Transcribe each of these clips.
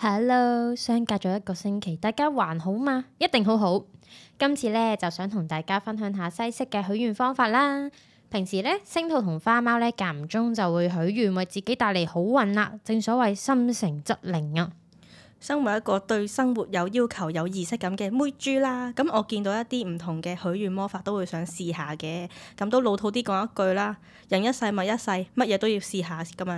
Hello，相隔咗一個星期，大家還好嗎？一定好好。今次咧就想同大家分享下西式嘅許願方法啦。平時咧星兔同花貓咧間唔中就會許願，為自己帶嚟好運啦。正所謂心誠則靈啊！生活一個對生活有要求有儀式感嘅妹豬啦，咁我見到一啲唔同嘅許願魔法都會想試下嘅。咁都老土啲講一句啦，人一世物一,一世，乜嘢都要試下㗎嘛。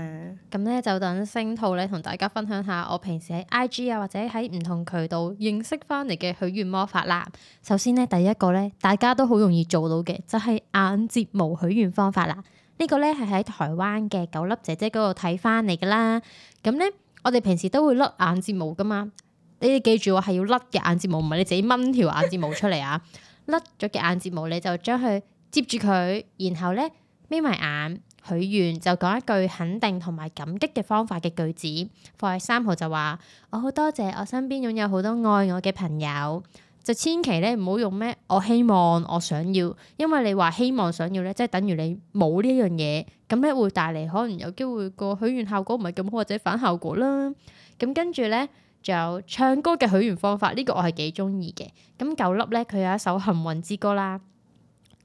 咁呢，就等星兔呢同大家分享下我平時喺 IG 啊或者喺唔同渠道認識翻嚟嘅許願魔法啦。首先呢，第一個呢，大家都好容易做到嘅就係、是、眼睫毛許願方法啦。呢、這個呢，係喺台灣嘅九粒姐姐嗰度睇翻嚟噶啦。咁呢。我哋平時都會甩眼睫毛噶嘛，你哋記住我係要甩嘅眼睫毛，唔係你自己掹條眼睫毛出嚟啊！ 甩咗嘅眼睫毛，你就將佢接住佢，然後咧眯埋眼許願，就講一句肯定同埋感激嘅方法嘅句子。放喺三號就話我好多謝我身邊擁有好多愛我嘅朋友。就千祈咧唔好用咩，我希望我想要，因為你話希望想要咧，即係等於你冇呢一樣嘢，咁咧會帶嚟可能有機會個許願效果唔係咁好或者反效果啦。咁跟住咧，仲有唱歌嘅許願方法，呢個我係幾中意嘅。咁九粒咧，佢有一首幸運之歌啦，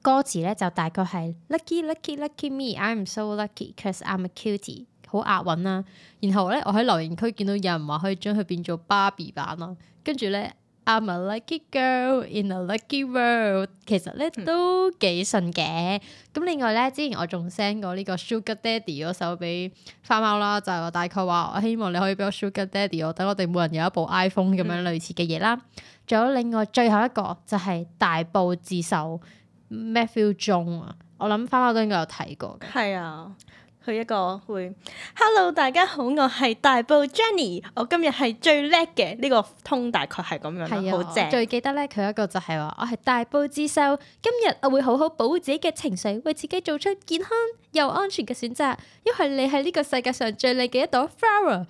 歌詞咧就大概係 lucky lucky lucky me，I'm so lucky cause I'm a cutie 好押韻啦。然後咧，我喺留言區見到有人話可以將佢變做芭比版咯，跟住咧。I'm a lucky girl in a lucky world，其實咧都幾順嘅。咁、嗯、另外咧，之前我仲 send 過呢個 Sugar Daddy 嗰首俾花貓啦，就係、大概話我希望你可以俾我 Sugar Daddy，我等我哋每人有一部 iPhone 咁樣類似嘅嘢啦。仲、嗯、有另外最後一個就係大爆自首。Matthew Jong 啊，我諗花貓都應該有睇過嘅。係啊。佢一個會，Hello，大家好，我係大埔 Jenny，我今日係最叻嘅呢個通，大概係咁樣，係啊的，好正棒。最記得咧，佢一個就係話，我係大埔之秀，今日我會好好保護自己嘅情緒，為自己做出健康又安全嘅選擇。因為你係呢個世界上最靚嘅一朵 flower。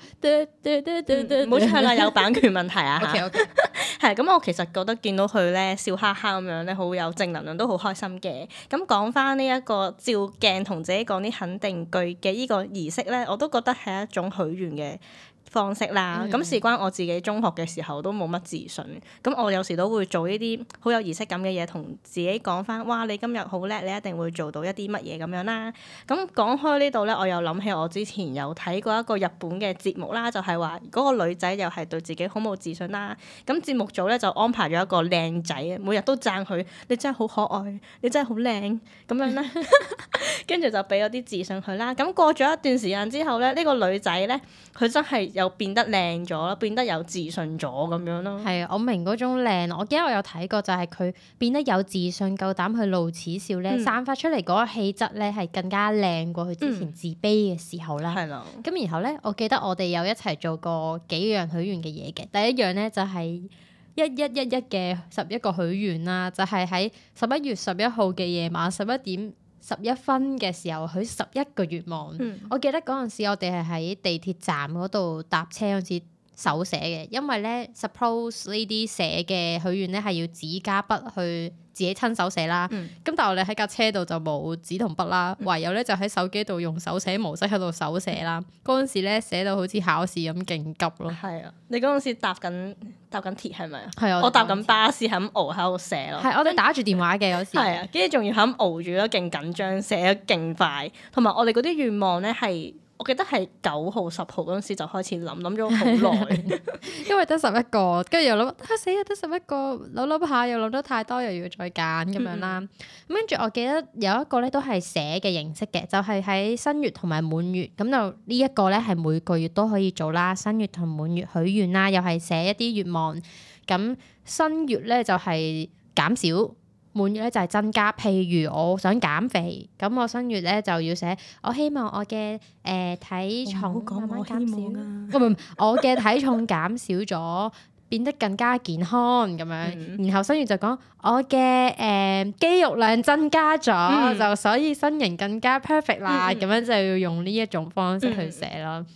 冇、嗯、錯啦，有版權問題啊。OK 咁，我其實覺得見到佢咧笑哈哈咁樣咧，好有正能量，都好開心嘅。咁講翻呢一個照鏡同自己講啲肯定句。佢嘅依個儀式咧，我都覺得係一種許願嘅方式啦，咁事關我自己中學嘅時候都冇乜自信，咁我有時都會做呢啲好有儀式感嘅嘢，同自己講翻，哇，你今日好叻，你一定會做到一啲乜嘢咁樣啦。咁講開呢度呢，我又諗起我之前有睇過一個日本嘅節目啦，就係話嗰個女仔又係對自己好冇自信啦。咁節目組呢，就安排咗一個靚仔，每日都讚佢，你真係好可愛，你真係好靚，咁樣咧。跟住 就俾咗啲自信佢啦。咁過咗一段時間之後呢，呢、呢個女仔呢，佢真係有。變得靚咗，變得有自信咗，咁樣咯。係啊，我明嗰種靚。我記得我有睇過，就係、是、佢變得有自信，夠膽去露齒笑咧，散、嗯、發出嚟嗰個氣質咧，係更加靚過佢之前自卑嘅時候啦。係啦、嗯。咁然後咧，我記得我哋有一齊做過幾樣許願嘅嘢嘅。第一樣咧就係一一一一嘅十一個許願啦，就係喺十一月十一號嘅夜晚十一點十一分嘅時候，許十一個願望。嗯、我記得嗰陣時，我哋係喺地鐵站嗰度搭車，好似。手寫嘅，因為咧 suppose 呢啲寫嘅許願咧係要紙加筆去自己親手寫啦。咁但係我哋喺架車度就冇紙同筆啦，唯有咧就喺手機度用手寫模式喺度手寫啦。嗰陣時咧寫到好似考試咁勁急咯。係啊，你嗰陣時搭緊搭緊鐵係咪？係啊，我搭緊巴士咁熬喺度寫咯。係，我哋打住電話嘅嗰時。係啊，跟住仲要咁熬住咯，勁緊張，寫得勁快，同埋我哋嗰啲願望咧係。我記得係九號十號嗰陣時就開始諗，諗咗好耐， 因為得十一個，跟住又諗嚇死啊！得十一個，諗諗下又諗得太多，又要再揀咁、嗯、哼樣啦。咁跟住我記得有一個咧，都係寫嘅形式嘅，就係、是、喺新月同埋滿月咁就呢一個咧，係每個月都可以做啦。新月同滿月許願啦，又係寫一啲願望。咁新月咧就係減少。滿月咧就係增加，譬如我想減肥，咁我新月咧就要寫我希望我嘅誒體重慢慢減少，唔唔，我嘅體重減少咗，變得更加健康咁樣。然後新月就講我嘅誒肌肉量增加咗，就所以身形更加 perfect 啦。咁樣就要用呢一種方式去寫咯。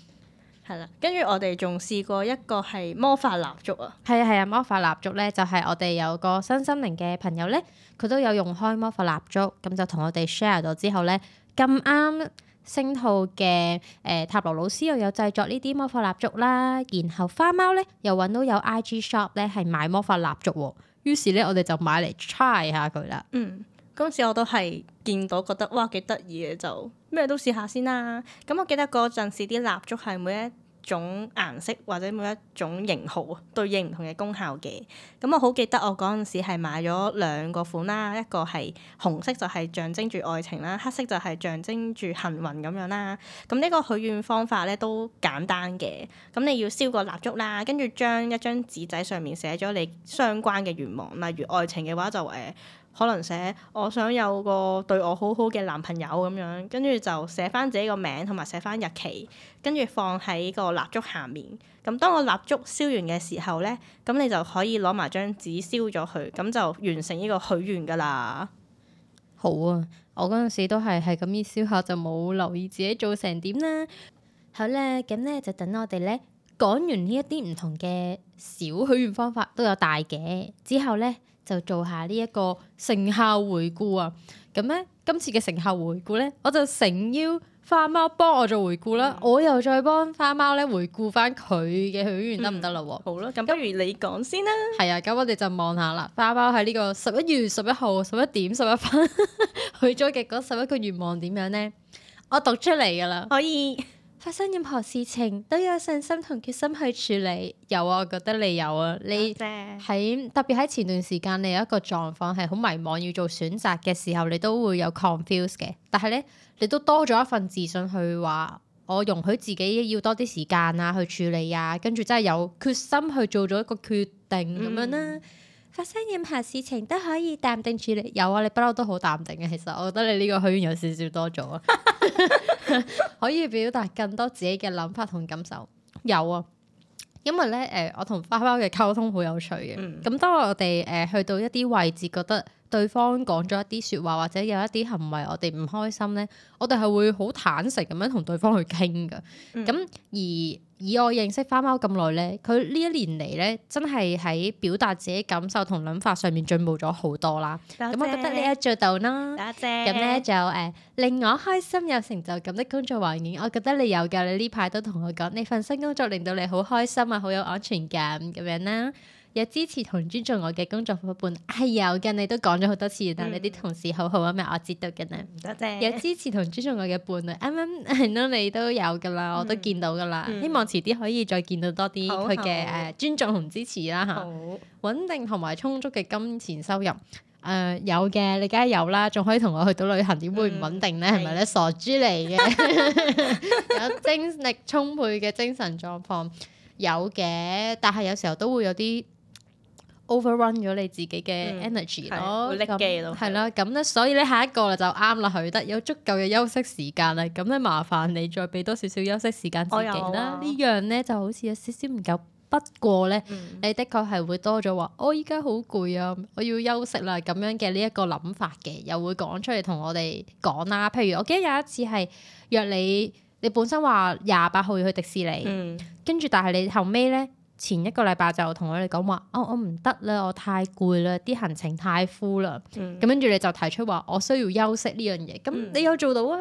係啦，跟住我哋仲試過一個係魔法蠟燭啊，係啊係啊，魔法蠟燭咧就係我哋有個新心靈嘅朋友咧。佢都有用開魔法蠟燭，咁就同我哋 share 咗之後呢，咁啱星號嘅誒塔羅老師又有製作呢啲魔法蠟燭啦，然後花貓呢，又揾到有 IG shop 呢係賣魔法蠟燭喎，於是呢，我哋就買嚟 try 下佢啦。嗯，嗰陣時我都係見到覺得哇幾得意嘅，就咩都試下先啦。咁我記得嗰陣時啲蠟燭係每一種顏色或者每一種型號啊，對應唔同嘅功效嘅。咁我好記得我嗰陣時係買咗兩個款啦，一個係紅色就係象徵住愛情啦，黑色就係象徵住幸運咁樣啦。咁呢個許願方法咧，都簡單嘅，咁你要燒個蠟燭啦，跟住將一張紙仔上面寫咗你相關嘅願望，例如愛情嘅話就誒。可能寫我想有個對我好好嘅男朋友咁樣，跟住就寫翻自己個名，同埋寫翻日期，跟住放喺個蠟燭下面。咁當個蠟燭燒完嘅時候呢，咁你就可以攞埋張紙燒咗佢，咁就完成呢個許願噶啦。好啊，我嗰陣時都係係咁意燒下就冇留意自己做成點啦。好咧，咁呢，就等我哋呢講完呢一啲唔同嘅小許願方法，都有大嘅之後呢。就做下呢一個成效回顧啊！咁咧，今次嘅成效回顧咧，我就誠邀花貓幫我做回顧啦，嗯、我又再幫花貓咧回顧翻佢嘅許願得唔得啦？好啦，咁不如你講先啦。係啊，咁我哋就望下啦，花貓喺 呢個十一月十一號十一點十一分許咗嘅嗰十一個願望點樣咧？我讀出嚟噶啦，可以。發生任何事情都有信心同決心去處理。有啊，我覺得你有啊。你喺特別喺前段時間，你有一個狀況係好迷茫，要做選擇嘅時候，你都會有 confuse 嘅。但係呢，你都多咗一份自信去話，我容許自己要多啲時間啊，去處理啊，跟住真係有決心去做咗一個決定咁樣啦。嗯發生任何事情都可以淡定處理，有啊，你不嬲都好淡定嘅。其實我覺得你呢個許願有少少多咗， 可以表達更多自己嘅諗法同感受。有啊，因為咧，誒、呃，我同花花嘅溝通好有趣嘅。咁、嗯、當我哋誒、呃、去到一啲位置，覺得對方講咗一啲說話或者有一啲行為我，我哋唔開心咧，我哋係會好坦誠咁樣同對方去傾㗎。咁、嗯、而以我認識花貓咁耐咧，佢呢一年嚟咧真係喺表達自己感受同諗法上面進步咗好多啦。咁謝我覺得你一做到啦，咁咧謝就誒、呃、令我開心有成就感嘅工作環境，我覺得你有㗎。你呢排都同佢講，你份新工作令到你好開心啊，好有安全感咁樣啦。有支持同尊重我嘅工作伙伴，係、哎、有嘅。你都講咗好多次，但、嗯、你啲同事好好啊？咩我知道嘅咧，唔多謝。有支持同尊重我嘅伴侶，啱啱，係咯，你都有噶啦，我都見到噶啦。嗯嗯、希望遲啲可以再見到多啲佢嘅誒尊重同支持啦嚇。嗯、穩定同埋充足嘅金錢收入，誒、呃、有嘅，你梗係有啦。仲可以同我去到旅行，點會唔穩定呢？係咪咧？傻豬嚟嘅， 有精力充沛嘅精神狀，狀況，有嘅，但係有時候都會有啲。Overrun 咗你自己嘅 energy 咯，係啦，咁咧、嗯，所以咧，下一個就啱啦，佢得有足夠嘅休息時間啦，咁咧，麻煩你再俾多少少休息時間自己啦。呢、哎、呦樣咧就好似有少少唔夠，不過咧，嗯、你的確係會多咗話，哦，我依家好攰啊，我要休息啦咁樣嘅呢一個諗法嘅，又會講出嚟同我哋講啦。譬如我記得有一次係約你，你本身話廿八號要去迪士尼，跟住、嗯、但係你後尾咧。前一個禮拜就同、哦、我哋講話，啊我唔得啦，我太攰啦，啲行程太 full 啦，咁跟住你就提出話我需要休息呢樣嘢，咁、嗯、你有做到啊？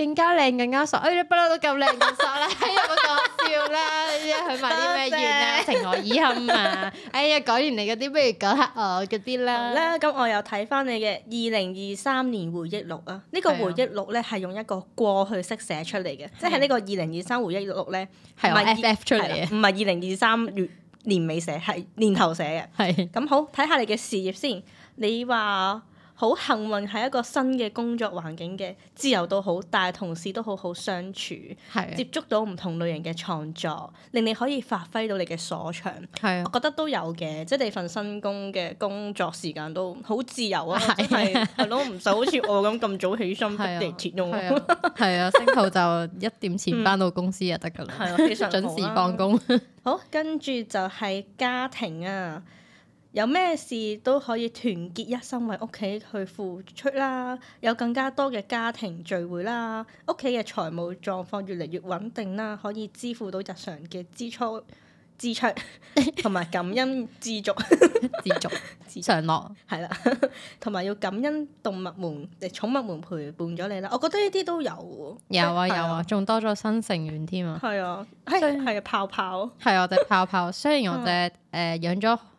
更加靚更加爽，哎呀不嬲都咁靚咁爽啦，呀、 哎，冇講笑啦？一去買啲咩嘢啫？ 情何以堪啊！哎呀，改完你嗰啲不如改下我嗰啲啦。啦，咁我又睇翻你嘅二零二三年回憶錄啊。呢、呢個回憶錄咧係用一個過去式寫出嚟嘅，即係呢個二零二三回憶錄咧係、哦、F, F 出嚟嘅，唔係二零二三月年尾寫，係年頭寫嘅。咁是好，睇下你嘅事業先。你話。好幸運喺一個新嘅工作環境嘅自由度好，但係同事都好好相處，的接觸到唔同類型嘅創作，令你可以發揮到你嘅所長。的我覺得都有嘅，即係你份新工嘅工作時間都好自由啊，係係咯，唔使好似我咁咁早起身搭地鐵用。係啊 是的，星期六就一點前翻到公司就得㗎啦，係啊，非常準時放工。 好，跟住就係家庭啊。有咩事都可以團結一心，為屋企去付出啦。有更加多嘅家庭聚會啦，屋企嘅財務狀況越嚟越穩定啦，可以支付到日常嘅支出，支出同埋感恩知足，知足常樂，係啦 助。同埋要感恩動物們、寵物們陪伴咗你啦。我覺得呢啲都有，有、啊，有啊有 啊，仲多咗新成員添啊。係 是啊，係 啊，係泡泡，係我隻泡泡。啊啊啊、 雖然我隻誒養咗。嗯 啊啊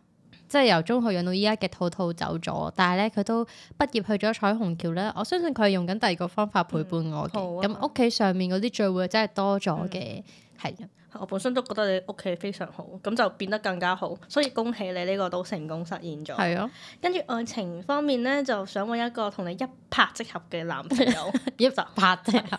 即係由中學養到依家嘅兔兔走咗，但係咧佢都畢業去咗彩虹橋咧。我相信佢係用緊第二個方法陪伴我嘅。咁屋企上面嗰啲聚會真係多咗嘅。係、嗯，是我本身都覺得你屋企非常好，咁就變得更加好。所以恭喜你呢個都成功實現咗。係咯、啊，跟住愛情方面咧，就想揾一個同你一拍即合嘅男朋友， 一拍即合。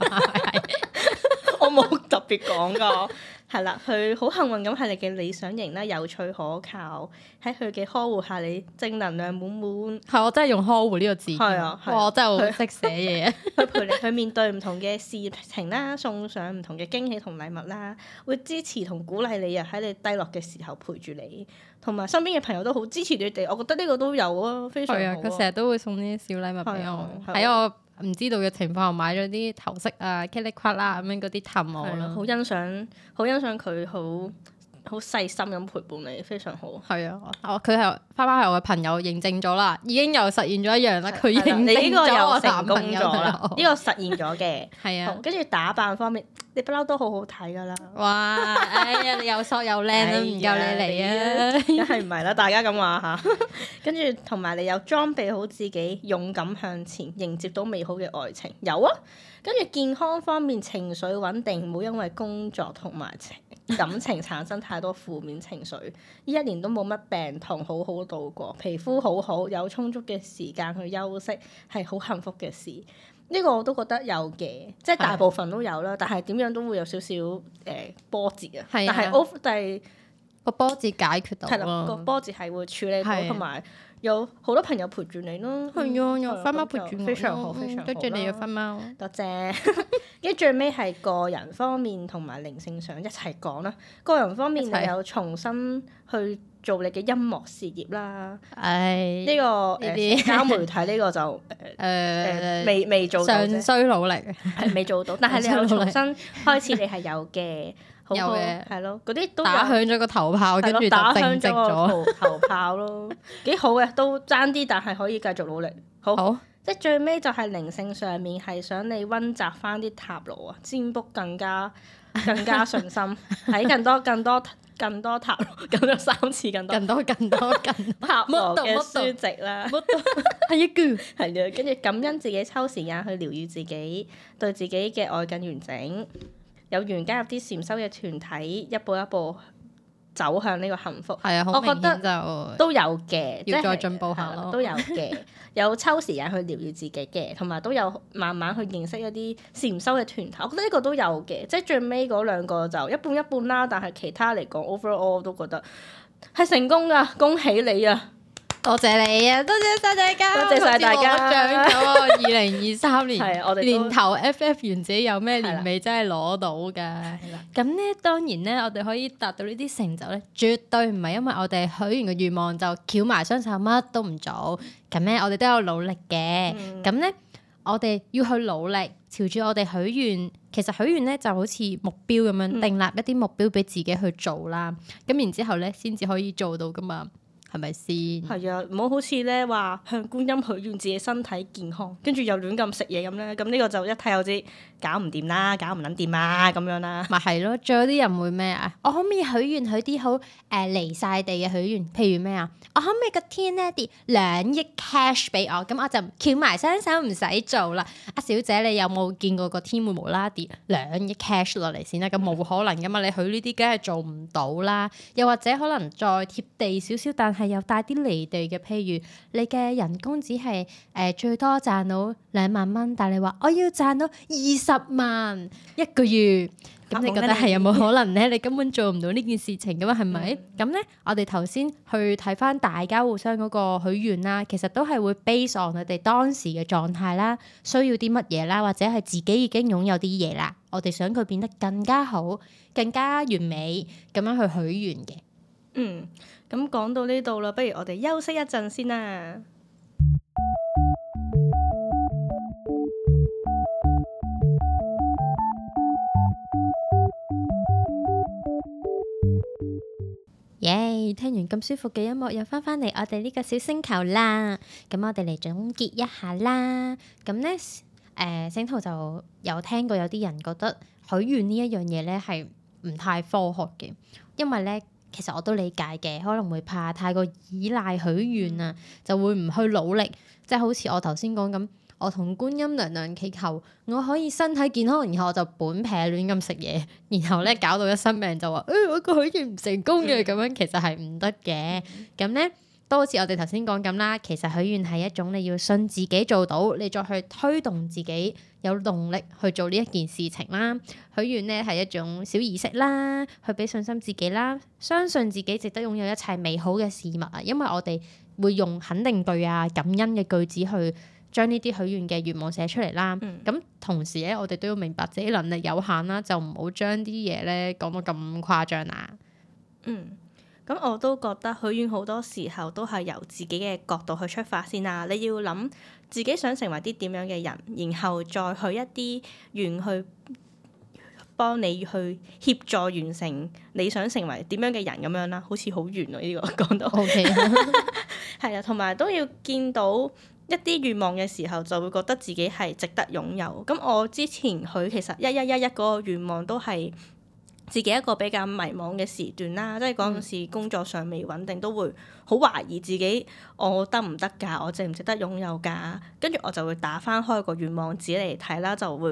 我冇特別講過。 係啦，佢好幸運咁係你嘅理想型啦，有趣可靠。喺佢嘅呵護下，你正能量滿滿。係，我真係用呵護呢個字。係啊、哦，我真係好識寫嘢。佢陪你去 面對唔同嘅事情啦，送上唔同嘅驚喜同禮物啦，會支持同鼓勵你啊。喺你低落嘅時候陪住你，同埋身邊嘅朋友都好支持你哋。我覺得呢個都有啊，非常好。係啊，佢成日都會送啲小禮物俾我。係啊。唔知道嘅情況下買咗啲頭飾啊 k i t 啦，咁樣嗰啲頭帽啦，好欣賞，好欣賞佢好。好細心咁陪伴你，非常好。係啊，我佢係花花係我嘅朋友認證咗啦，已經又實現咗一樣啦。佢的認咗呢個又成功咗啦。呢、呢個實現咗嘅。係啊的，跟住打扮方面，你不嬲都好好睇㗎啦。哇！ 哎呀，你又索又靚都唔夠你嚟啊，梗係唔係啦？大家咁話下，跟住同埋你又裝備好自己，勇敢向前，迎接到美好嘅愛情，有啊。跟住健康方面，情緒穩定，唔好因為工作同埋情。 感情產生太多負面情緒，依一年都冇乜病痛，好好度過，皮膚好好，有充足嘅時間去休息，係好幸福嘅事。呢個我都覺得有嘅，即係大部分都有啦。的但係點樣都會有少少誒波折啊。但係我但係個波折解決到，係啦，個波折係會處理到，同埋。有好多朋友陪住你咯，係啊、嗯，有花貓陪住我、嗯，非常好，嗯、非常好，多、嗯、謝你有花貓，多謝。跟住最尾係個人方面同埋靈性上一齊講啦， 個人方面又有重新去。做你嘅音樂事業啦，呢個社交媒體呢個就誒誒未未做到，尚需努力，係未做到。但係你有重新開始，你係有嘅，好嘅係咯，嗰啲都打響咗個頭炮，跟住打響咗個頭炮咯，幾好嘅，都爭啲，但係可以繼續努力，好，即係最尾就係靈性上面係想你溫習翻啲塔羅啊，占卜更加更加信心，睇更多更多。更多塔羅，咁咗三次，更多更多更多，多，多 塔羅嘅書籍啦，係一句，係啦，跟住感恩自己抽時間去療愈自己，對自己嘅愛更完整，有緣加入啲禪修嘅團體，一步一步。走向呢個幸福我覺得都有嘅，要再進步下咯，都有嘅， 有抽時間去療愈自己嘅，同埋都有慢慢去認識一啲禪修嘅團體，我覺得呢個都有嘅，即係最尾嗰兩個就一半一半啦，但係其他嚟講 overall 我都覺得係成功噶，恭喜你啊！多謝你啊！多謝晒大家，多謝大家我先攞獎咗。二零二三年年頭 FF 完自己有咩年尾真係攞到嘅？咁咧的，當然咧，我哋可以達到呢啲成就咧，絕對唔係因為我哋許完嘅願望就翹埋雙手乜都唔做。咁咧，我哋都有努力嘅。咁咧、嗯，我哋要去努力，朝住我哋許願。其實許願咧就好似目標咁樣，訂立一啲目標俾自己去做啦。咁、嗯、然之後咧，先至可以做到噶嘛。係咪先？係啊，唔好好似呢話向觀音許願自己身體健康，跟住又亂咁食嘢。咁咧，咁呢個就一睇就知搞唔掂啦，搞唔捻掂啊，咁樣啦。咪係咯，仲有啲人會咩啊？我可唔可以許願許啲好誒離晒地嘅許願？譬如咩啊？我可唔可以個天呢跌兩億 cash 俾我？咁我就翹埋雙手唔使做啦。阿小姐，你有冇見過個天會無啦啦跌兩億 cash 落嚟先啊？咁冇可能噶嘛？你許呢啲梗係做唔到啦。又或者可能再貼地少少，但係。係有帶啲離地嘅，譬如你嘅人工只係誒最多賺到兩萬蚊，但係你話我要賺到二十萬一個月，咁你覺得係有冇可能咧？你根本做唔到呢件事情噶嘛？係咪？咁咧、嗯，我哋頭先去睇翻大家互相嗰個許願啦，其實都係會 base on 佢哋當時嘅狀態啦，需要啲乜嘢啦，或者係自己已經擁有啲嘢啦，我哋想佢變得更加好、更加完美咁樣去許願嘅。嗯。咁講到呢度啦，不如我哋休息一陣先啦。耶！Yeah, 聽完咁舒服嘅音樂，又翻返嚟我哋呢個小星球啦。咁我哋嚟總結一下啦。咁呢，誒、呃，星兔就有聽過有啲人覺得許願呢一樣嘢呢係唔太科學嘅，因為呢。其實我都理解嘅，可能會怕太過依賴許願啊，嗯、就會唔去努力，即、就、係、係、好似我頭先講咁，我同觀音娘娘祈求我可以身體健康，然後我就本劈亂咁食嘢，然後咧，搞到一身病就話、哎、我個許願唔成功嘅咁樣，其實係唔得嘅，咁咧。 都好似我哋頭先講咁啦，其實許願係一種你要信自己做到，你再去推動自己有動力去做呢一件事情啦。許願呢係一種小儀式啦，去俾信心自己啦，相信自己值得擁有一切美好嘅事物啊。因為我哋會用肯定句啊、感恩嘅句子去將呢啲許願嘅願望寫出嚟啦。咁、嗯、同時呢，我哋都要明白自己能力有限啦，就唔好將啲嘢呢講到咁誇張啊。嗯。咁我都覺得許願好多時候都係由自己嘅角度去出發先啦。你要諗自己想成為啲點樣嘅人，然後再許一啲願去幫你去協助完成你想成為點樣嘅人咁樣啦。好似好遠喎，呢個講到 OK。係呀，同埋都要見到一啲願望嘅時候，就會覺得自己係值得擁有。咁我之前許其實一一一一嗰個願望都係。自己一個比較迷惘嘅時段啦，即係嗰陣時工作尚未穩定，都會好懷疑自己，我得唔得㗎？我值唔值得擁有㗎？跟住我就會打翻開個願望紙嚟睇啦，就會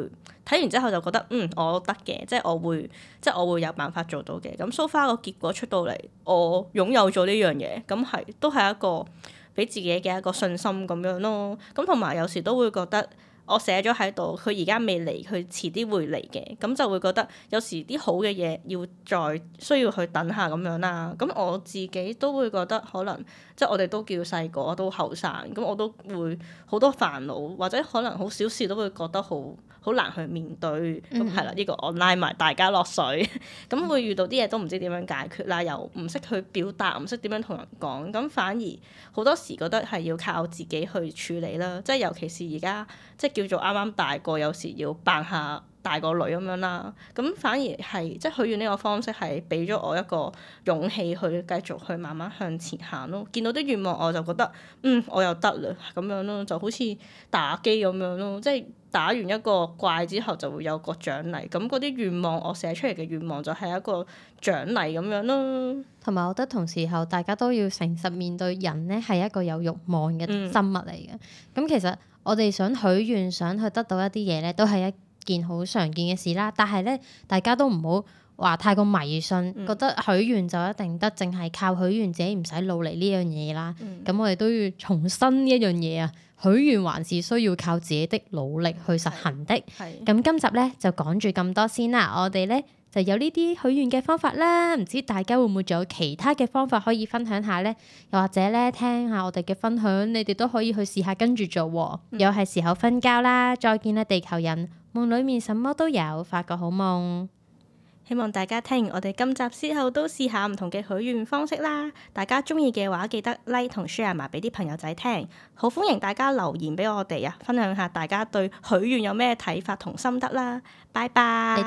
睇完之後就覺得，嗯，我得嘅，即係我會即係我會有辦法做到嘅。咁 So far 個結果出到嚟，我擁有咗呢樣嘢，咁係都係一個俾自己嘅一個信心咁樣咯。咁同埋有時都會覺得。我寫咗喺度，佢而家未嚟，佢遲啲會嚟嘅，咁就會覺得有時啲好嘅嘢要再需要去等下咁樣啦。咁我自己都會覺得可能即係我哋都叫細個，都後生，咁我都會好多煩惱，或者可能好小事都會覺得好。好難去面對，咁係啦，呢個 online 埋大家落水，咁、嗯嗯、會遇到啲嘢都唔知點樣解決啦，又唔識去表達，唔識點樣同人講，咁反而好多時覺得係要靠自己去處理啦，即係尤其是而家即係叫做啱啱大個，有時要扮下，大個女咁樣啦，咁反而係即係許願呢個方式係俾咗我一個勇氣去繼續去慢慢向前行咯。見到啲願望我就覺得，嗯，我又得嘞咁樣咯，就好似打機咁樣咯，即係打完一個怪之後就會有個獎勵。咁嗰啲願望我寫出嚟嘅願望就係一個獎勵咁樣咯。同埋我覺得同時候大家都要誠實面對，人呢係一個有慾望嘅生物嚟嘅。咁、嗯、其實我哋想許願想去得到一啲嘢呢，都係一件好常見嘅事啦，但係咧，大家都唔好話太過迷信，嗯、覺得許願就一定得，淨係靠許願自己唔使努力呢樣嘢啦。咁、嗯、我哋都要重申一樣嘢啊，許願還是需要靠自己的努力去實行的。咁、嗯、今集咧就講住咁多先啦。我哋咧就有呢啲許願嘅方法啦，唔知大家會唔會仲有其他嘅方法可以分享下咧？又或者咧聽下我哋嘅分享，你哋都可以去試下跟住做。又係時候瞓覺啦，再見啦，地球人！夢裏面什麼都有，發個好夢，希望大家聽完我哋今集之後都試下唔同嘅許願方式啦。大家中意嘅話，記得 like 同 share 埋俾啲朋友仔聽。好歡迎大家留言俾我哋啊，分享下大家對許願有咩睇法同心得啦。拜拜。